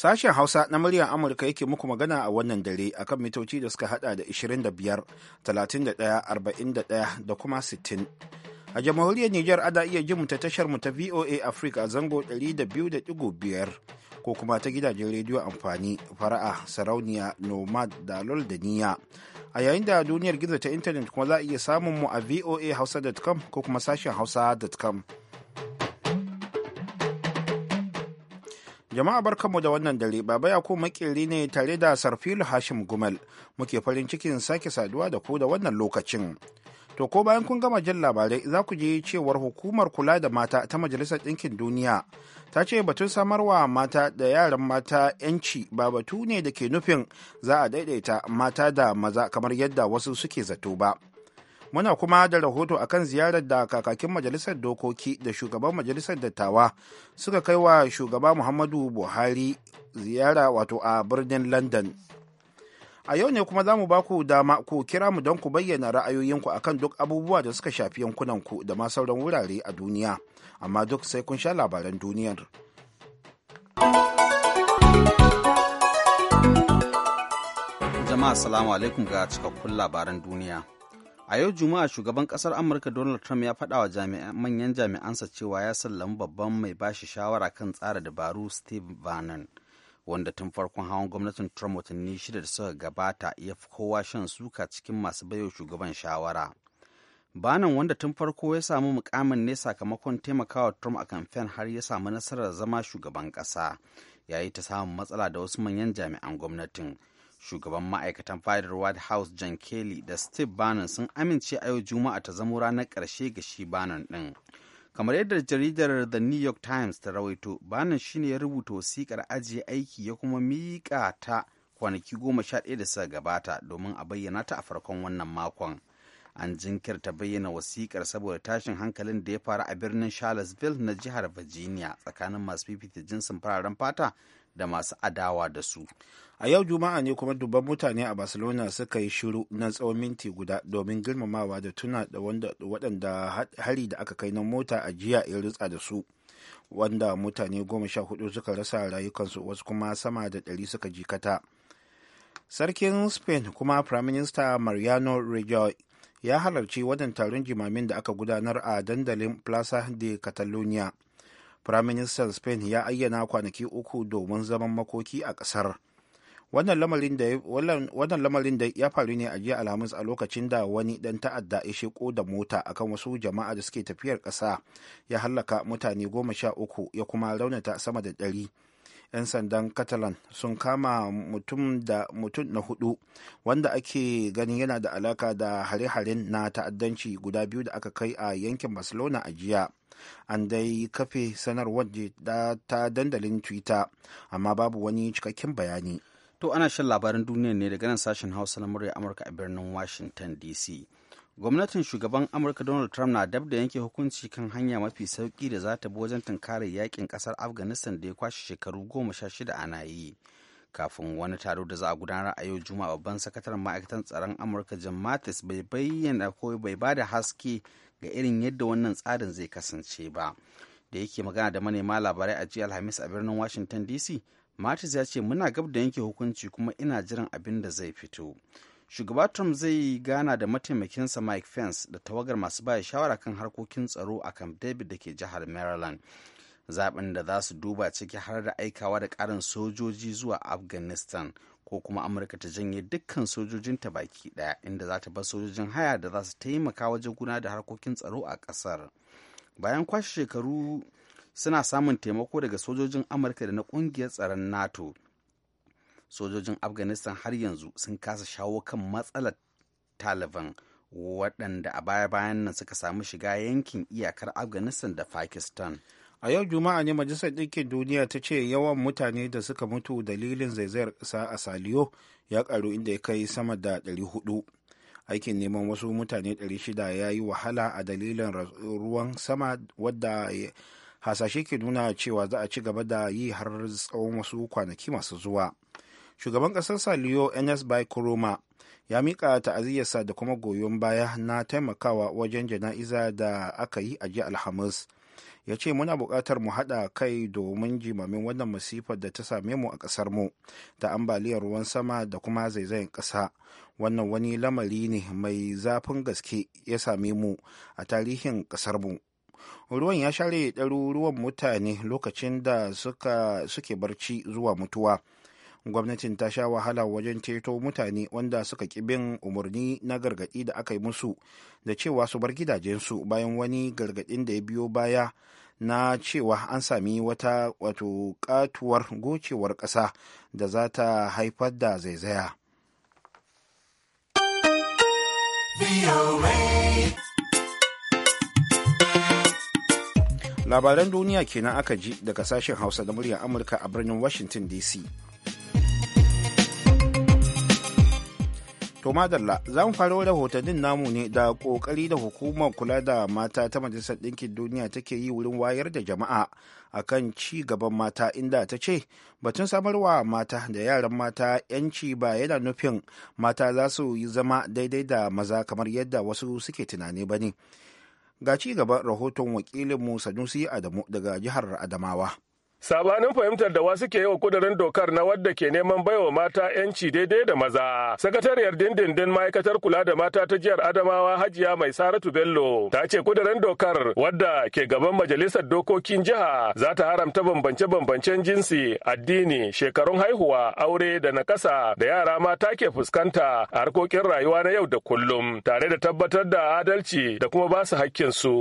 Sashen Hausa na muryar Amurka yake muku magana a wannan dare akan mitoci da suka hada da 25, 31, 41 da kuma 60. A jamhuriyar Nijar ana iya jin ta tashar mu ta VOA Africa zango 200.5 ko kuma ta gidajen rediyo amfani fara'a sarauniya nomad da lol da niya. A yayin da duniyar gizo ta intanet kuma za a iya samun mu a voa voahausa.com ko kuma sashen hausa.com. Jama'a barkanmu da wannan dare, Baba ko makeri ne tare da Sarfilu Hashim Gumal. Muke farin cikin sake saduwa da ku da wannan lokacin. To ko bayan kun gama jin labarai za ku je cewar hukumar kula da mata ta Majalisar Ɗinkin Duniya ta ce batun samarwa mata da yaran mata 'yanci ba batu ne da ke nufin za a daidaita mata da maza kamar yadda wasu suke zato ba. Muna kuma da rahoto a kan ziyarar da kakakin majalisar dokoki da shugaban majalisar dattawa suka kai wa shugaba Muhammadu Buhari ziyara wato a birnin London. A yau ne kuma za mu ba dama ku kira mu don ku bayyana ra'ayoyinku akan duk abubuwa da suka shafi yankunanku da ma sauran wurare a duniya, amma duk sai kun sha labaran duniyar. Jama'a salamu alaikum ga cikakkun labaran duniya. a yau juma'a shugaban kasar amurka donald trump ya faɗa wa manyan jami'ansa cewa ya sallami babban mai bashi shawara kan tsara dabaru steve bannon wanda tun farkon hawan gwamnatin trump watanni shida da suka gabata ya fi kowa shan suka cikin masu baiwa shugaban shawara banan wanda tun farko ya samu mukamin ne sakamakon taimakawa trump a kamfen har ya samu nasarar zama shugaban ƙasa ya yi ta samun matsala da wasu manyan jami'an gwamnatin shugaban ma'aikatan fadar white house john kelly da steve bannon sun amince a yau juma'a ta zamo ranar ƙarshe ga shi bannon ɗin kamar yadda jaridar the new york times ta rawaito bannon shine ya rubuta wasikar ajiye aiki ya kuma miƙa ta kwanaki goma sha ɗaya da suka gabata domin a bayyana ta a farkon wannan makon an jinkirta bayyana wasikar saboda tashin hankalin da ya faru a birnin charlottesville na jihar virginia tsakanin masu fifita jinsin fararen fata da masu adawa da su a yau juma'a ne kuma dubban mutane a barcelona suka yi shiru na tsawon minti guda domin girmamawa da tuna da waɗanda hari da aka kai na mota a jiya ya rutsa da su wanda mutane goma sha hudu suka rasa rayukansu wasu kuma sama da ɗari suka jikata sarkin spain kuma prime minister mariano rajoy ya halarci wadan taron jimamin da aka gudanar a dandalin plaza de catalonia firaministan spain ya ayyana kwanaki uku domin zaman makoki a ƙasar wannan lamarin da ya faru ne a jiya alhamis a lokacin da wani dan ta'adda ya sheko da mota akan wasu jama'a da suke tafiyar ƙasa ya hallaka mutane goma sha uku ya kuma raunata sama da ɗari 'yan sandan catalan sun kama mutum da mutum na hudu wanda ake ganin yana da alaka da hare-haren na ta'addanci guda biyu da aka kai a yankin barcelona a jiya an dai kafe sanarwar ta dandalin twitter amma babu wani cikakken bayani to ana shan labaran duniya ne daga nan sashen hausa na murya amurka a birnin washington dc gwamnatin shugaban amurka donald trump na dab da yanke hukunci kan hanya mafi sauki da za ta bi wajen tunkarar yakin kasar afghanistan da ya kwashe shekaru goma sha shida ana yi kafin wani taro da za a gudanar a yau juma'a babban sakataren ma'aikatan tsaron amurka jim mattis bai bayyana ko bai ba da haske ga irin yadda wannan tsarin zai kasance ba da yake magana da manema labarai a jiya alhamis a birnin washington dc mattis ya ce muna gab da yanke hukunci kuma ina jiran abin da zai fito shugaba trump zai gana da mataimakinsa mike fence da tawagar masu baya shawara kan harkokin tsaro a camp david da ke jihar maryland zaben da za su duba ciki har da aikawa da karin sojoji zuwa afghanistan ko kuma amurka ta janye dukkan sojojinta baki daya inda za ta bar sojojin haya da za su taimaka wajen guna da harkokin tsaro a kasar bayan kwashe shekaru suna samun taimako daga sojojin amurka da na kungiyar tsaron nato sojojin afghanistan har yanzu sun kasa shawo kan matsalar taliban waɗanda a baya-bayan nan suka samu shiga yankin iyakar afghanistan da pakistan a yau juma'a ne majalisar ɗinkin duniya ta ce yawan mutane da suka mutu dalilin zaizayar ƙasa a saliyo ya ƙaru inda ya kai sama da 400 aikin neman wasu mutane 600 ya yi wahala a dalilin ruwan sama wadda hasashe ke nuna cewa za a ci gaba da yi har tsawon wasu kwanaki masu zuwa shugaban ƙasar saliyo ns by kuroma ya miƙa ta'aziyyarsa da kuma goyon baya na taimakawa wajen jana'iza da aka yi a jiya alhamis ya ce muna buƙatar mu haɗa kai domin jimamin wannan masifar da ta same mu a ƙasar mu ta ambaliyar ruwan sama da kuma zaizayen ƙasa wannan wani lamari ne mai zafin gaske ya same mu a tarihin ƙasar mu ruwan ya share ɗaruruwan mutane lokacin da suke barci zuwa mutuwa gwamnatin ta sha wahala wajen ceto mutane wanda suka ki bin umarni na gargadi da aka yi musu da cewa su bar gidajensu bayan wani gargadin da ya biyo baya na cewa an sami wata wato katuwar gocewar ƙasa da za ta haifar da zaizaya. Labaran duniya kenan aka ji daga sashen Hausa da muryar Amurka a birnin Washington DC. To madalla za mu faro rahotannin namu ne da kokari da hukumar kula da mata ta Majalisar Ɗinkin Duniya take yi wurin wayar da jama'a akan ci gaban mata inda ta ce batun samarwa mata da yaran mata 'yanci ba yana nufin mata za su yi zama daidai da maza kamar yadda wasu suke tunani ba ne. Ga ci gaban rahoton wakilin wakilinmu Sanusi Adamu daga jihar Adamawa. Sabanin fahimtar da wasu ke yi wa kudurin dokar na wadda ke neman baiwa mata 'yanci daidai da maza. Sakatariyar dindindin ma'aikatar kula da mata ta jihar Adamawa Hajiya Mai Saratu Bello ta ce kudurin dokar wadda ke gaban majalisar dokokin jiha za ta haramta bambance-bambancen jinsi, addini, shekarun haihuwa, aure da nakasa da yara mata ke fuskanta a harkokin rayuwa na yau da kullum tare da tabbatar da adalci da kuma ba su hakkinsu.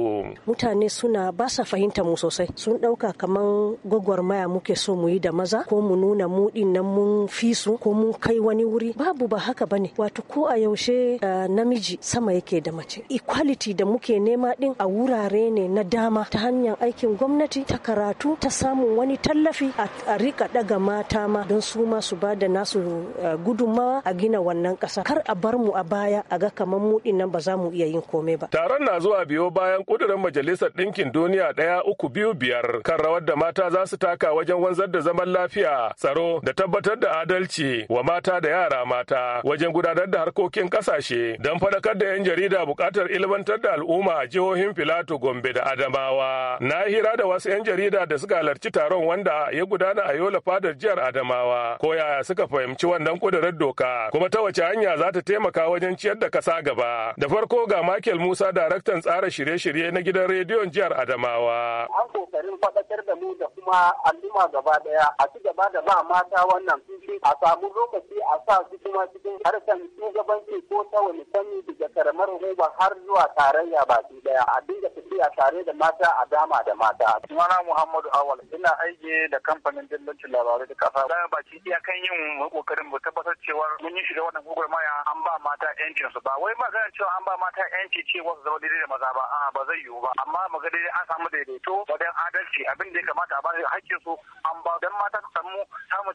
Mutane suna ba sa fahimta mu sosai sun ɗauka kamar gwagwarmaya muke so mu yi da maza ko mu nuna mu din nan mun fi su ko mun kai wani wuri babu ba haka bane wato ko a yaushe eh, namiji sama yake da mace equality da muke nema din a wurare ne na dama ta hanyar aikin gwamnati ta karatu ta samun wani tallafi a rika daga mata ma don su ma su ba da nasu eh, gudunmawa a gina wannan kasa kar a bar mu a baya a ga kamar mu din ba za mu iya yin komai ba taron na zuwa biyo bayan kudirin majalisar ɗinkin duniya ɗaya uku biyu biyar kan rawar da mata za su taka wajen wanzar da zaman lafiya tsaro da tabbatar da adalci wa mata da yara mata wajen gudanar da harkokin kasashe don faɗakar da 'yan jarida bukatar ilmantar da al'umma a jihohin filato gombe da adamawa na hira da wasu 'yan jarida da suka halarci taron wanda ya gudana a yola fadar jihar adamawa ko yaya suka fahimci wannan kudurar doka kuma ta wace hanya za ta taimaka wajen ciyar da kasa gaba da farko ga michael musa daraktan tsara shirye-shirye na gidan rediyon jihar adamawa an kokarin fadakar da mu da kuma al'umma gaba daya a ci gaba da ba mata wannan fifi a samu lokaci a sa su kuma cikin harkar shugabanci ko ta wani sanyi daga karamar hukuma har zuwa tarayya baki daya a dinga tafiya tare da mata a dama da mata. Sunana Muhammadu Awal ina aiki da kamfanin dillancin labarai da kasa. Da baki kan yin kokarin mu tabbatar cewa mun yi shiga wannan gwagwarmaya an ba mata yancin su ba wai magana cewa an ba mata yanci cewa su zama daidai da maza ba a ba zai yiwu ba amma magana an samu daidaito wajen adalci abin da ya kamata a ba ake so an ba dan mata samu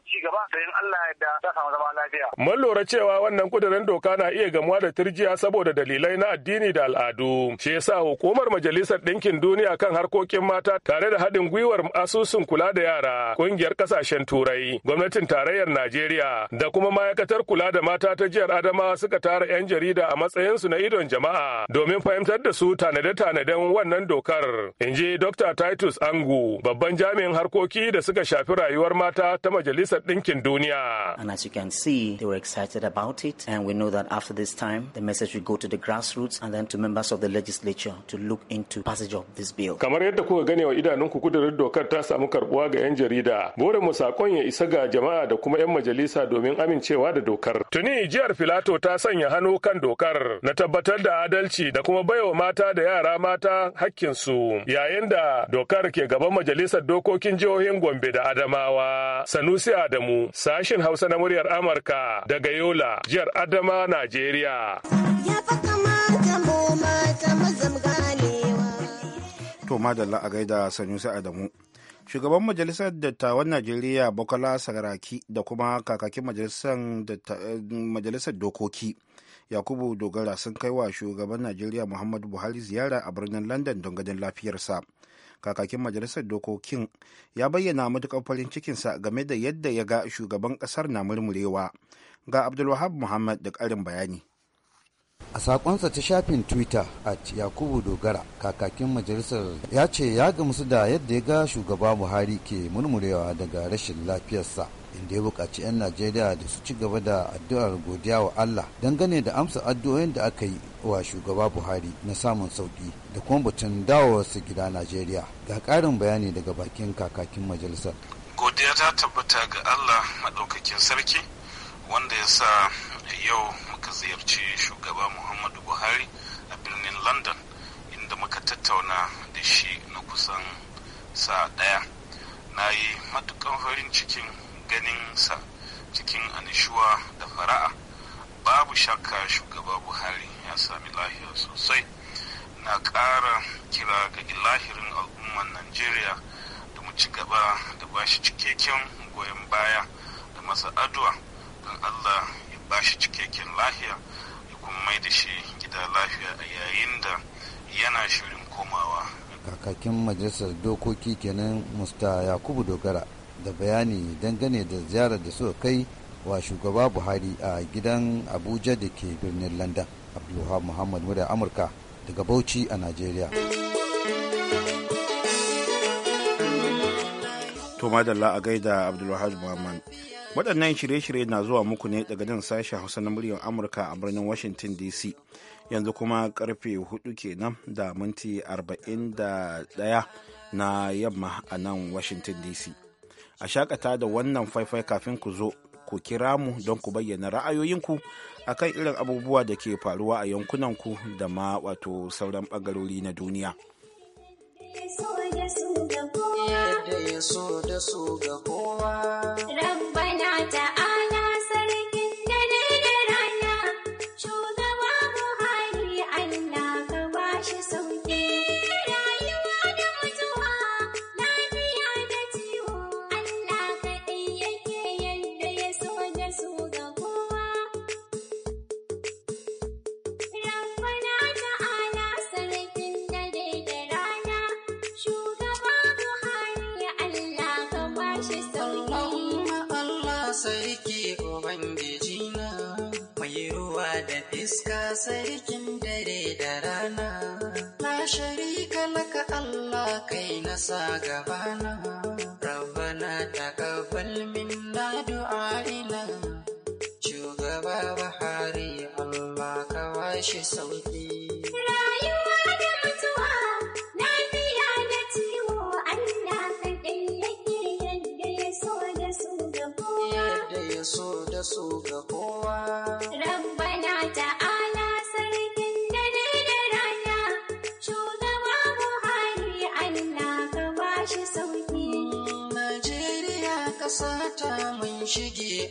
ci gaba da in Allah ya yarda za samu zama lafiya. Mun lura cewa wannan kudirin doka na iya gamuwa da turjiya saboda dalilai na addini da al'adu. Shi yasa hukumar Majalisar Ɗinkin Duniya kan harkokin mata tare da haɗin gwiwar asusun kula da yara, ƙungiyar ƙasashen Turai, gwamnatin tarayyar Najeriya da kuma ma'aikatar kula da mata ta jihar Adamawa suka tara 'yan jarida a matsayinsu na idon jama'a domin fahimtar da su tanade-tanaden wannan dokar. Inji ji Dr. Titus Angu, babban jami'in harkokin dokoki da suka shafi rayuwar mata ta Majalisar Ɗinkin Duniya. And as you can see, they were excited about it and we know that after this time the message will go to the grassroots and then to members of the legislature to look into passage of this bill. Kamar yadda kuka gane wa idanunku kudurin dokar ta samu karbuwa ga 'yan jarida. Bore mu sakon ya isa ga jama'a da kuma 'yan majalisa domin amincewa da dokar. Tuni jihar Filato ta sanya hannu kan dokar na tabbatar da adalci da kuma baiwa mata da yara mata hakkinsu yayin da dokar ke gaban majalisar dokokin tsakanin jihohin Gombe da Adamawa. Sanusi Adamu, Sashen Hausa na muryar Amurka daga Yola, jihar Adama, Najeriya. To madalla a gaida Sanusi Adamu. Shugaban Majalisar Dattawan Najeriya Bukola Saraki da kuma kakakin Majalisar Dokoki Yakubu Dogara sun kai wa shugaban Najeriya Muhammadu Buhari ziyara a birnin London don ganin lafiyarsa. kakakin majalisar dokokin ya bayyana matukar farin cikinsa game da yadda ya ga shugaban ƙasar na murmurewa ga abdulwahab muhammad da ƙarin bayani a saƙonsa ta shafin twitter at yakubu dogara kakakin majalisar ya ce ya gamsu da yadda ya ga shugaba buhari ke murmurewa daga rashin lafiyarsa inda ya buƙaci 'yan najeriya da su ci gaba da addu'ar godiya wa allah dangane da amsa addu'o'in da aka yi wa shugaba buhari na samun sauƙi da kuma batun dawowarsa gida najeriya ga ƙarin bayani daga bakin kakakin majalisar godiya ta tabbata ga allah maɗaukakin sarki wanda ya sa yau ziyarci shugaba muhammadu buhari a birnin london inda muka tattauna da shi na kusan sa daya na yi matukan farin cikin ganin sa cikin anishuwa da fara'a babu shakka shugaba buhari ya sami lahiya sosai na ƙara kira ga lahirin al'umman nigeria da mu ci gaba da bashi cikakken goyon baya da masa addu'a don allah ba shi cikakken lafiya ya kuma mai da shi gida lafiya a yayin da yana shirin komawa kakakin majalisar dokoki kenan musta yakubu dogara da bayani dangane da ziyarar da suka kai wa shugaba buhari a gidan abuja da ke birnin london abdulwahab muhammad murya amurka daga bauchi a nigeria to madalla a gaida abdulwahab muhammad waɗannan shirye-shirye na zuwa muku ne daga nan sashen hausa na muryar amurka a birnin washington dc yanzu kuma karfe 4 kenan da minti 41 na yamma a nan washington dc a shakata da wannan faifai kafin ku zo ku kira mu don ku bayyana ra'ayoyinku a kan irin abubuwa da ke faruwa a yankunanku da ma wato sauran ɓangarori na duniya. da ya so da so ga kowa. Rabbana ta'ala. iska sarkin dare da rana na sharika laka Allah kai na sa gabana rabbana taka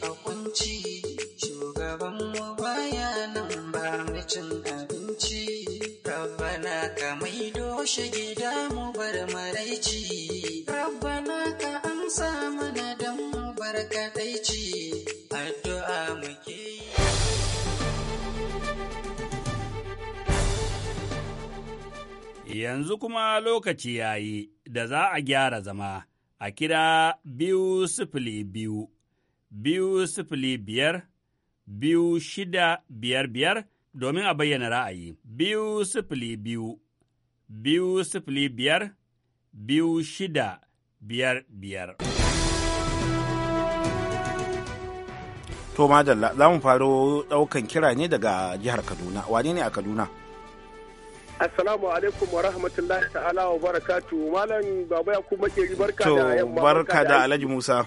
a kunci shugaban mu baya nan ba mu cin abinci rabbana ka maido shi gida mu bar maraici rabbana ka amsa mana dan mu bar kadaici addu'a muke Yanzu kuma lokaci ya yi da za a gyara zama a kira biyu sifili biyu. biyu sifili biyar biyu shida biyar biyar domin a bayyana ra'ayi biyu sifili biyu biyu sifili biyar biyu shida biyar biyar. To madalla za mu faro daukan kira ne daga jihar Kaduna. Wane ne a Kaduna? Assalamu alaikum wa rahmatullahi ta'ala wa barakatu. Malam Baba ya kuma Makeri barka da yamma. To barka da Alhaji Musa.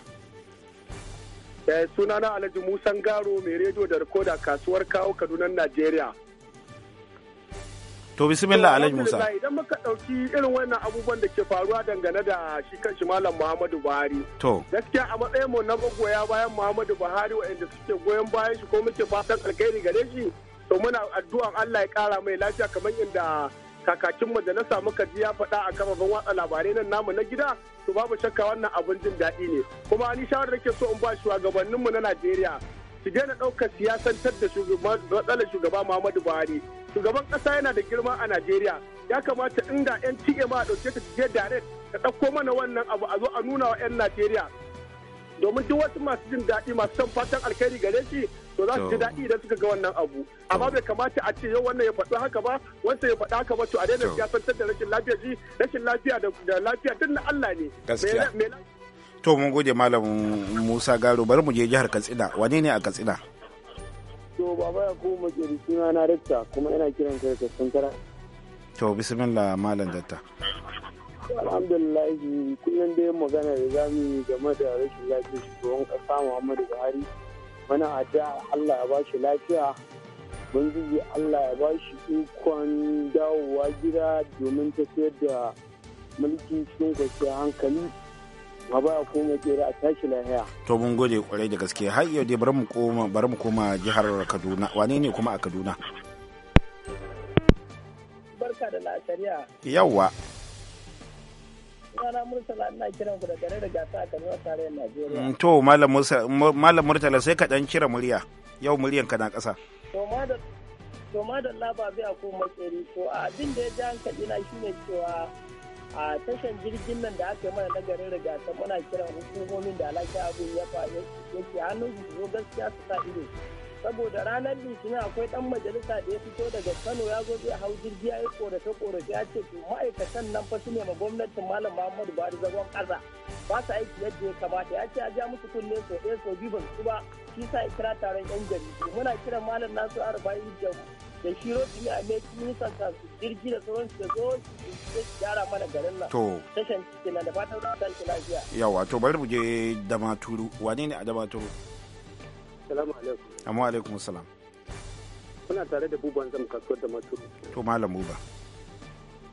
Eh, na alhaji musan garo mai rediyo da rikoda kasuwar kawo kaduna najeriya to bismillah alhaji musa idan muka dauki irin wannan abubuwan da ke faruwa dangane da shi kan shi malam muhammadu buhari to gaskiya a matsayin mu na magoya bayan muhammadu buhari inda suke goyon bayan shi ko muke fatan alkhairi gare shi to muna addu'an allah ya kara mai lafiya kamar inda kakakin na muka ji ya faɗa a kafafen watsa labarai nan namu na gida to babu shakka wannan abin jin daɗi ne kuma ni shawarar da ke so in ba shugabanninmu na Najeriya su daina ɗaukar siyasantar da matsalar shugaba Muhammadu Buhari shugaban ƙasa yana da girma a Najeriya ya kamata inda 'yan TA ma ɗauke ta je direct ta ɗauko mana wannan abu a zo a nuna wa 'yan Najeriya domin duk wasu masu jin daɗi masu son fatan alkhairi gare shi to za su ji daɗi idan suka ga wannan abu amma bai kamata a ce yau wannan ya faɗi haka ba wancan ya faɗi haka ba to a daina siyasantar da rashin lafiya ji rashin lafiya da lafiya duk na Allah ne gaskiya to mun gode malam Musa Garo bari mu je jihar Katsina wane ne a Katsina to baba ya ko mu je suna na Dakta kuma ina kiran ka da Santara to bismillah malam Datta alhamdulillah kullum dai magana da zamu game da rashin lafiya shugaban kasa Muhammadu Buhari muna addu'a Allah ya ba shi lafiya ubangiji Allah ya ba shi ikon dawowa gida domin tafiyar da mulki cikin kwanciyar hankali ma baya koma kera a tashi lahiya. To mun gode kwarai da gaske har yau dai bari mu koma jihar Kaduna wane ne kuma a Kaduna? Barka da Yawwa. Sunana Murtala ina kiran ku da gare da gasa mm, Malam Murtala sai ka ɗan cire murya. Yau muryan ka na ƙasa. To ma da laba biya ko A to abin da ya ji kaɗi na shine cewa a tashan jirgin nan da aka yi mana na garin rigasa muna kiran hukumomin da alaƙa abin ya fa yake hannun su zo gaskiya su sa ido saboda ranar litinin akwai dan majalisa da ya fito daga kano ya zo zai hau jirgi ya yi korafe korafe ya ce to ma'aikatan nan fa su ne ma gwamnatin malam muhammadu buhari zagon kasa ba su aiki yadda ya kamata ya ce a ja musu kunne so ɗaya so biyu ba su ba shi sa ya kira taron yan jaridu muna kiran malam nasu arba'in da da shi rotu ne a mai sa su jirgi da sauran su da zo su gyara mana garin nan. To. Tashan kenan da fatan ranar lafiya. Yawa to bari mu je Damaturu wane ne a Damaturu? Assalamu alaikum. Amma alaikum salam. Kuna tare da buban zam kasuwar da maturu. To malam buba.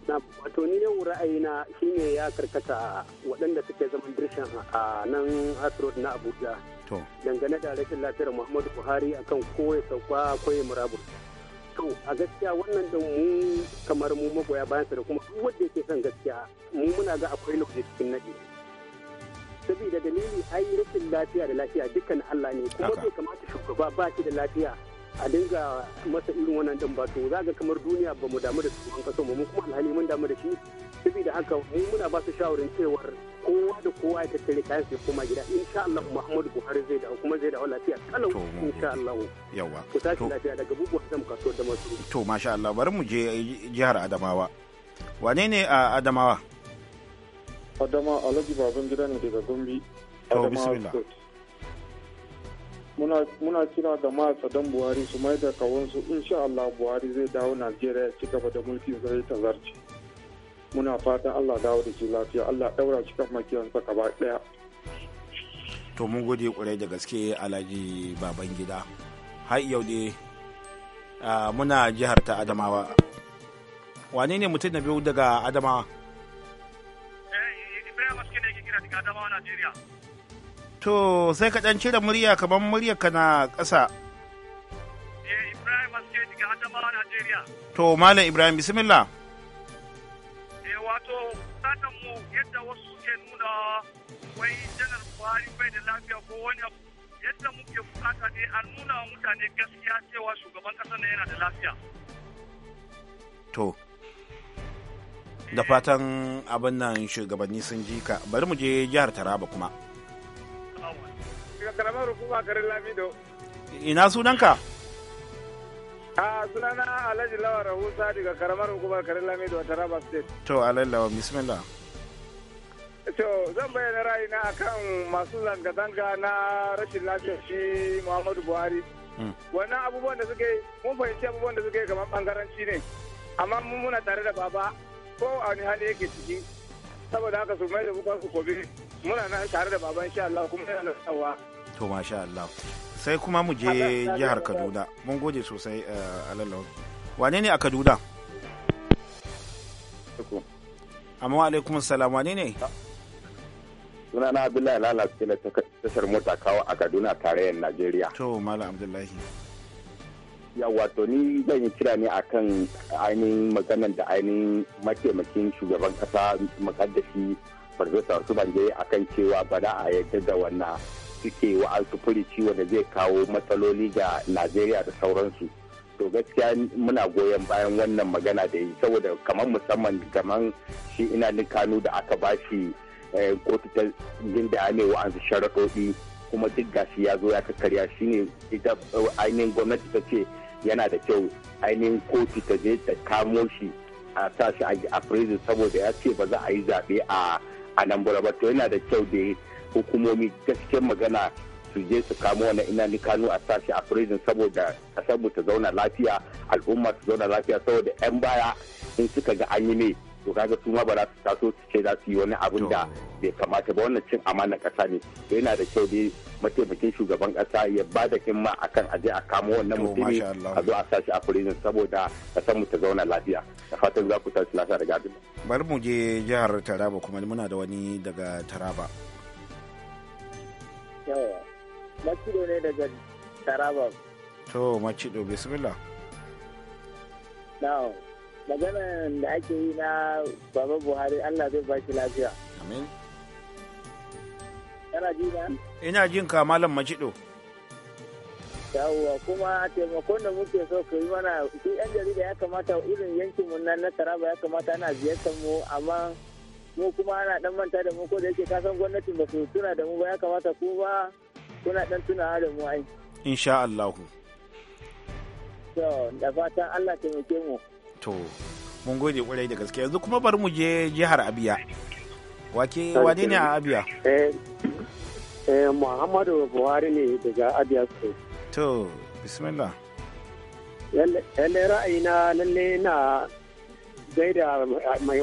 Na wato ni yau ra'ayina shine ya karkata waɗanda suke zaman dirshan a nan Asrod na Abuja. To. Dangane da rashin lafiyar Muhammadu Buhari akan kan ya sauka koye ya To a gaskiya wannan da mu kamar mu magoya bayan da kuma duk wanda yake son gaskiya mu muna ga akwai lokaci cikin naɗi. saboda dalili ai rashin lafiya da lafiya dukkan Allah ne kuma bai kamata shugaba ba shi da lafiya a dinga masa irin wannan din ba to ga kamar duniya ba mu damu da su an kaso mu kuma alhali mun damu da shi saboda haka mu muna ba su shawarin cewar kowa da kowa ya tattare kayan sai koma gida insha Allah Muhammadu Buhari zai dawo kuma zai dawo lafiya kalau insha Allah yawa ku tashi lafiya daga bubuwa zan kaso da masu to masha Allah bari mu je jihar Adamawa wane ne a Adamawa Adama Alhaji Baban gida ne daga Gombe. Adama Muna kira ga don Buhari su mai da kawansu insha Allah Buhari zai dawo Najeriya ci gaba da mulkin zai ta zarce. Muna fatan Allah dawo da ke lafiya Allah daura shi kan makiyansa gaba daya. To mun gode kwarai da gaske Alhaji Baban gida. Har yau ne muna jihar ta Adamawa. Wane ne mutum na biyu daga Adamawa? ke Adamawa Najeriya. To sai ka ɗan cire murya kamar muryar ka na ƙasa. Eh Ibrahim Haske daga Adamawa Najeriya. To Malam Ibrahim bismillah. Eh wato sanan mu yadda wasu suke nuna wai janar Buhari bai da lafiya ko wani abu yadda muke bukata ne an nuna mutane gaskiya cewa shugaban ƙasa ne yana da lafiya. To, da fatan abin nan shugabanni sun ji ka bari mu je jihar taraba kuma ina sunanka a sunana alhaji lawa rahusa daga karamar hukumar karin lamido a taraba state to alhaji lawa bismillah To zan bayyana ra'ayina akan masu zanga-zanga na rashin lafiyar shi Muhammadu Buhari. Hmm. Wannan abubuwan da suke mun fahimci abubuwan da suke kamar bangaranci ne. Amma mun muna tare da baba ko a wani hali yake ciki saboda haka su mai da bukan su kobe muna nan tare da baban sha Allah kuma yana tsawa to masha Allah sai kuma mu je jihar Kaduna mun gode sosai eh, alallo wane ne a Kaduna amma alaikum salam wane ne suna na abdullahi lalace na tashar mota kawo a kaduna tarayyar najeriya to malam abdullahi ya wato ni zan yi kira ne akan ainihin maganar da ainihin mataimakin shugaban kasa makaddashi farfesa wasu banje akan cewa ba da a yadda da wannan suke wa wa'azu ciwo da zai kawo matsaloli ga najeriya da sauransu to gaskiya muna goyon bayan wannan magana da yi saboda kamar musamman kamar shi ina ni kanu da aka ba shi eh, kotu ta ginda ne su sharaɗoɗi kuma duk gashi ya zo ya kakkarya shine ita eh, ainihin gwamnati ta ce yana da kyau ainihin kotu ta je ta kamo shi a sa shi a prison saboda ya ce ba za a yi zaɓe a nan bura ba to yana da kyau da hukumomi gaskiyar magana su je su kamo wani ina ni kano a shi a prison saboda kasar mu ta zauna lafiya al'umma su zauna lafiya saboda yan baya in suka ga an yi ne to kaga su ma ba za su taso su ce za su yi wani abin da bai kamata ba wannan cin amana kasa ne to yana da kyau dai mataimakin shugaban kasa ya ba da himma a aje a kamo wannan mutumin a zo a sa shi a prison saboda kasar mu ta zauna lafiya da fatan za ku su lafiya daga abin bari mu je jihar Taraba kuma muna da wani daga Taraba macido ne daga Taraba to macido bismillah na'am maganan da ake yi na baba buhari allah zai ba lafiya amin yana ji na ina jin ka malam Majido. yawwa kuma taimakon da muke so ka yi mana shi yan jarida ya kamata irin yankin mu nan na taraba ya kamata ana ziyartar mu amma mu kuma ana dan manta da mu ko da yake kasan gwamnatin ba su tuna da mu ba ya kamata ku ba kuna dan tunawa da mu ai insha Allah to da fatan Allah taimake mu to mun gode kwarai da gaske yanzu kuma bari mu je jihar abiya wake wane ne a abiya eh, eh muhammadu buhari ne daga abiya su to bismillah ra'ayi na lalle na gaida mai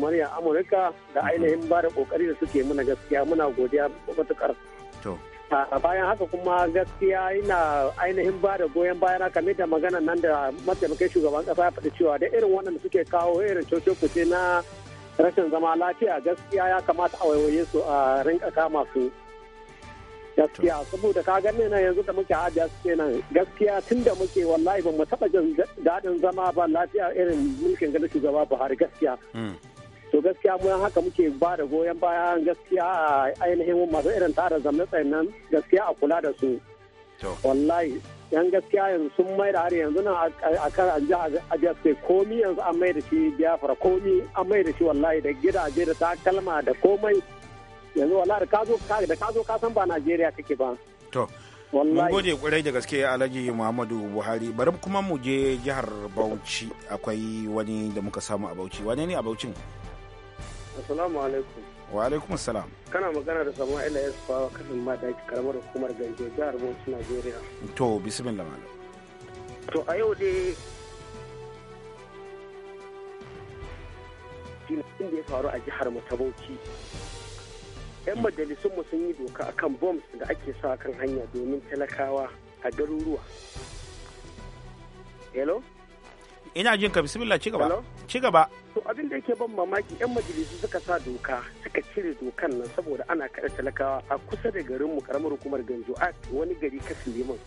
muryar amurka da mhm. ainihin ba da kokari da suke muna gaskiya muna godiya matukar to bayan haka kuma gaskiya ina ainihin ba da goyon haka ne da magana nan da mataimakin shugaban kasa ya faɗi cewa da irin wannan suke kawo irin coce na rashin zama lafiya gaskiya ya kamata a waiwaye su a rinka kama su gaskiya saboda ka gane na yanzu da muke hajiya suke nan gaskiya tun da muke wallahi ba mu taba jin daɗin zama ba lafiya irin mulkin ganin shugaba buhari gaskiya hmm. to gaskiya mu haka muke ba da goyon baya gaskiya a ainihin masu irin tara zamne tsayin nan gaskiya a kula da su wallahi yan gaskiya yanzu sun mai da har yanzu nan a kan an ji a komi yanzu an mai da shi biafra komi an mai da shi wallahi da gidaje da takalma da komai yanzu wallahi da kazo da kazo ka san ba Najeriya kake ba to mun gode kwarai da gaske Alhaji Muhammadu Buhari bari kuma mu je jihar Bauchi akwai wani da muka samu a Bauchi wane ne a Bauchin Assalamu alaikum. Wa alaikum salam. Kana magana da Sama'ila S. Fawa da madaki karamar hukumar Ganjo jihar Bauchi Najeriya. To bismillah malam. To a yau dai filin da ya faru a jihar mu ta Bauchi. 'Yan majalisunmu sun yi doka akan bombs da ake sa kan hanya domin talakawa a garuruwa. Hello? ina jin ka bismillah ci gaba ci gaba to abin da yake ban mamaki yan majalisu suka sa doka suka cire dokan nan saboda ana kada talakawa a kusa da garin mu karamar hukumar Ganjo a wani gari Kasiliman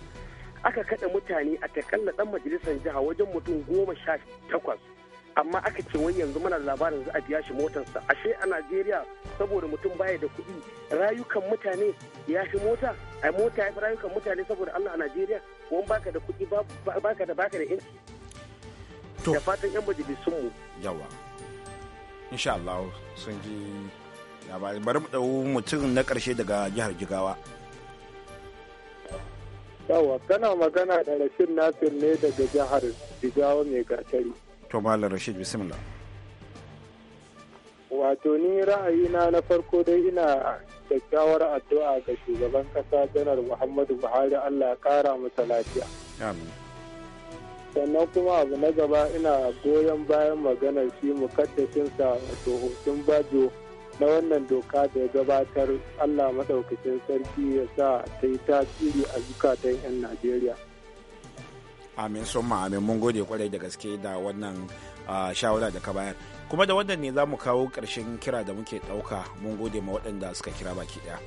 aka kada mutane a takalla dan majalisar jiha wajen mutum goma sha takwas amma aka ce wai yanzu muna labarin za a biya shi motarsa ashe a najeriya saboda mutum baya da kuɗi rayukan mutane ya fi mota a mota ya fi rayukan mutane saboda allah a najeriya wani baka da kuɗi baka da baka da yanci da fatan yan majalisun mu yawa insha Allah sun ji labarin bari mu dau mutum na karshe daga jihar Jigawa yawa kana magana da Rashid Nasir ne daga jihar Jigawa mai gatari to malam Rashid bismillah wato ni ra'ayina na farko dai ina kyakkyawar addu'a ga shugaban kasa janar muhammadu buhari allah kara masa lafiya amin sannan kuma abu na gaba ina goyon bayan maganar shi mu sa wato hotun bajo na wannan doka da ya gabatar allah maɗaukacin sarki ya sa ta yi tasiri a zukatan 'yan najeriya amin sun amin mun gode kwarai da gaske da wannan shawara da ka bayar kuma da wannan ne za mu kawo ƙarshen kira da muke ɗauka mun gode ma waɗanda suka kira baki ɗaya.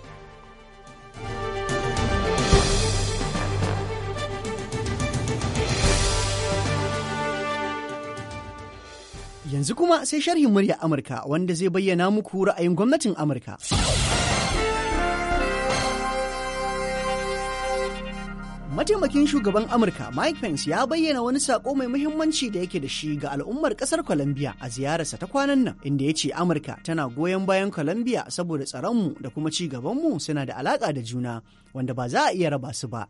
Yanzu kuma sai sharhin murya Amurka wanda zai bayyana muku ra'ayin gwamnatin Amurka. Mataimakin shugaban Amurka Mike Pence ya bayyana wani sako mai muhimmanci da yake da shi ga al'ummar kasar Colombia a ziyararsa ta kwanan nan, inda ya ce Amurka tana goyon bayan Colombia saboda tsaronmu da kuma ci gabanmu suna da alaƙa da juna, wanda ba za a iya raba su ba.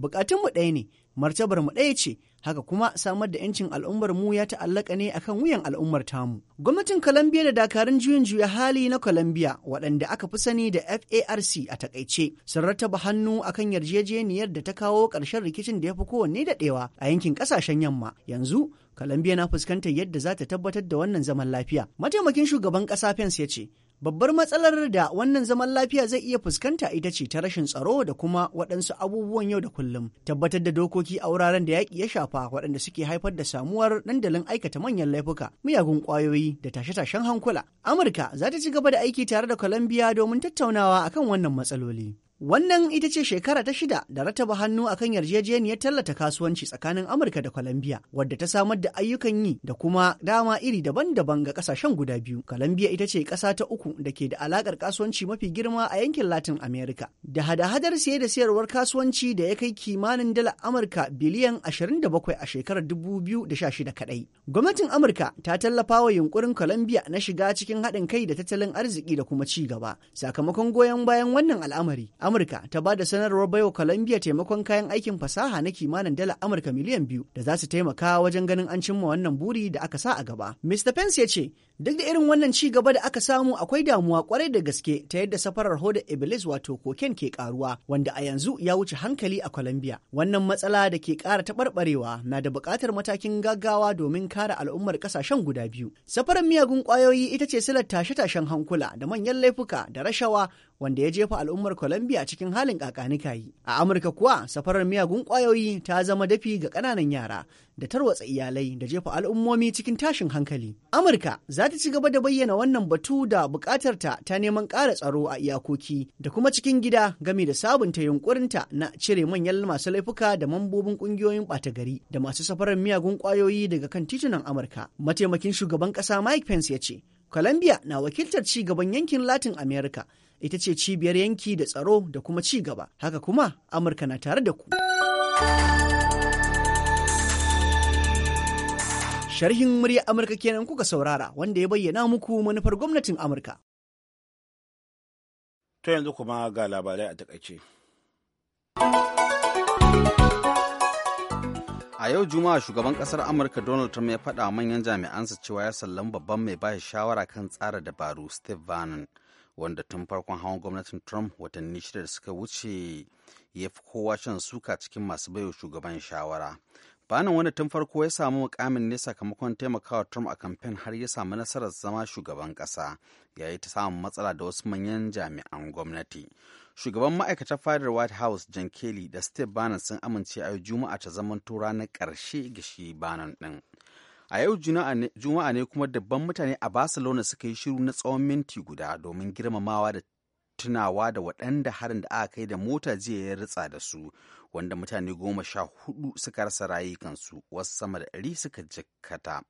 Bukatunmu ɗaya ne, martabar mu ɗaya ce, haka kuma samar da 'yancin al'ummar mu ya ta'allaka ne akan wuyan al'ummar tamu. Gwamnatin Colombia da dakarun juyin juya hali na Colombia waɗanda aka fi sani da FARC a takaice sun rattaba hannu akan yarjejeniyar da ta kawo ƙarshen rikicin da ya fi kowanne daɗewa a yankin ƙasashen yamma yanzu Colombia na fuskantar yadda za ta tabbatar da wannan zaman lafiya. Mataimakin shugaban ƙasa Pence ya ce, Babbar matsalar da wannan zaman lafiya zai iya fuskanta ita ce ta rashin tsaro da kuma waɗansu abubuwan yau da kullum. Tabbatar da dokoki a wuraren da yaƙi ya shafa waɗanda suke haifar da samuwar dandalin aikata manyan laifuka, miyagun ƙwayoyi da tashe-tashen hankula. Amurka za ta ci gaba da aiki tare da Colombia domin tattaunawa akan wannan matsaloli. Wannan ita ce shekara ta shida da rataba hannu akan yarjejeniyar tallata kasuwanci tsakanin Amurka da Colombia, wadda ta samar da ayyukan yi da kuma dama iri daban-daban ga kasashen guda biyu. Colombia ita ce ƙasa ta uku da ke da alakar kasuwanci mafi girma a yankin Latin America. Da hada-hadar siye da siyarwar kasuwanci da ya kai kimanin dala Amurka biliyan ashirin da bakwai a shekarar dubu biyu shida kaɗai Gwamnatin Amurka ta tallafa wa yunkurin Colombia na shiga cikin haɗin kai da tattalin arziki da kuma ci gaba. Sakamakon goyon bayan wannan al'amari, Amurka ta ba da sanarwar baiwa Colombia taimakon kayan aikin fasaha na kimanin dala Amurka miliyan biyu da za su taimaka wajen ganin an cimma wannan buri da aka sa a gaba. Mr. Pence ya ce Duk da irin wannan ci gaba da aka samu akwai damuwa kwarai da gaske ta yadda safarar hoda Iblis wato koken ke karuwa wanda a yanzu ya wuce hankali a Colombia. Wannan matsala da ke kara taɓarɓarewa na da buƙatar matakin gaggawa domin kare al'ummar ƙasashen guda biyu. Safarar miyagun ƙwayoyi ita ce silar tashe-tashen hankula da manyan laifuka da rashawa wanda ya jefa al'ummar Colombia cikin halin kakanikayi. A Amurka kuwa safarar miyagun ƙwayoyi ta zama dafi ga ƙananan yara da tarwatsa iyalai da jefa al'ummomi cikin tashin hankali. Amurka za ta ci gaba da bayyana wannan batu da bukatarta ta neman ƙara tsaro a iyakoki da kuma cikin gida gami da sabunta yunkurinta na cire manyan masu laifuka da mambobin ƙungiyoyin ɓata gari da masu safarar miyagun ƙwayoyi daga kan titunan Amurka. Mataimakin shugaban ƙasa Mike Pence ya ce, Colombia na wakiltar ci gaban yankin Latin America ita ce cibiyar yanki da tsaro da kuma ci gaba. Haka kuma Amurka na tare da ku. Sharhin murya Amurka kenan kuka saurara wanda ya bayyana muku manufar gwamnatin Amurka. To yanzu kuma ga labarai a takaice. A yau Juma'a shugaban kasar Amurka Donald Trump ya faɗa manyan jami'ansa cewa ya sallan babban mai bashi shawara kan tsara dabaru Steve Bannon wanda tun farkon hawan gwamnatin Trump watanni shida da suka wuce ya fi kowa shan suka cikin masu baiwa shugaban shawara. bayanin wanda tun farko ya samu mukamin ne sakamakon taimakawa Trump a kamfen har ya samu nasarar zama shugaban ƙasa ya yi ta samun matsala da wasu manyan jami'an gwamnati. Shugaban ma'aikatar fadar White House John Kelly da Steve Bannon sun amince a Juma'a ta zamanto ranar karshe ga shi Bannon ɗin. A yau Juma'a ne kuma dabban mutane a Barcelona suka yi shiru na tsawon minti guda domin girmamawa da tunawa da waɗanda harin da aka kai da mota jiya ya ritsa da su wanda mutane goma sha hudu suka rasa rayukansu wasu sama da ɗari suka jikkata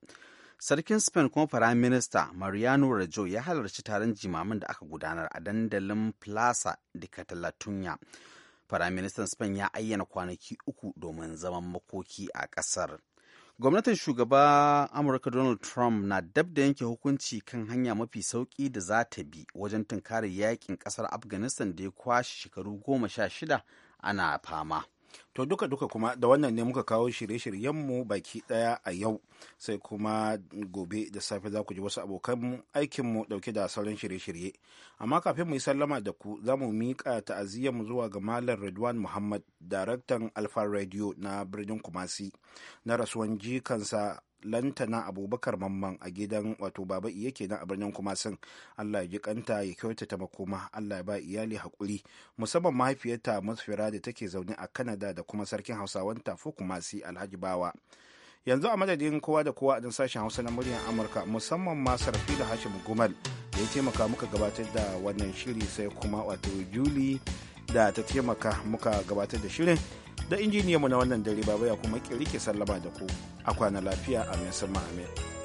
sarkin spain kuma firayim minista mariano rajo ya halarci taron jimamin da aka gudanar a dandalin plaza de catalunya firayim ministan spain ya ayyana kwanaki uku domin zaman makoki a ƙasar gwamnatin shugaba amurka donald trump na dab da yanke hukunci kan hanya mafi sauki da za ta bi wajen tunkarar yakin kasar afghanistan da ya kwashe shekaru goma sha shida ana fama To duka-duka kuma da wannan ne muka kawo shirye-shiryenmu baki ɗaya a yau sai kuma gobe da safe za ku ji wasu abokan aikinmu ɗauke da sauran shirye-shirye. Amma kafin mu yi sallama da ku za mu miƙa mu zuwa ga Malam Redwan Muhammad, daraktan Alfa Radio na birnin Kumasi na rasuwan jikansa lantana abubakar mamman a gidan wato baba iya kenan a birnin kuma kumasin allah ya ji kanta ya kyautata makoma allah ya ba iyali haƙuri musamman mahaifiyarta masfira da take zaune a kanada da kuma sarkin hausawan tafu kumasi alhaji bawa yanzu a madadin kowa da kowa a sashen hausa na muryar amurka musamman ma sarfi da hashim gumal da ya taimaka muka gabatar da wannan shiri sai kuma wato juli da ta taimaka muka gabatar da shirin da injiniyanmu na wannan dare baba ya kuma kirki sallama da ku a kwana lafiya amin sun amin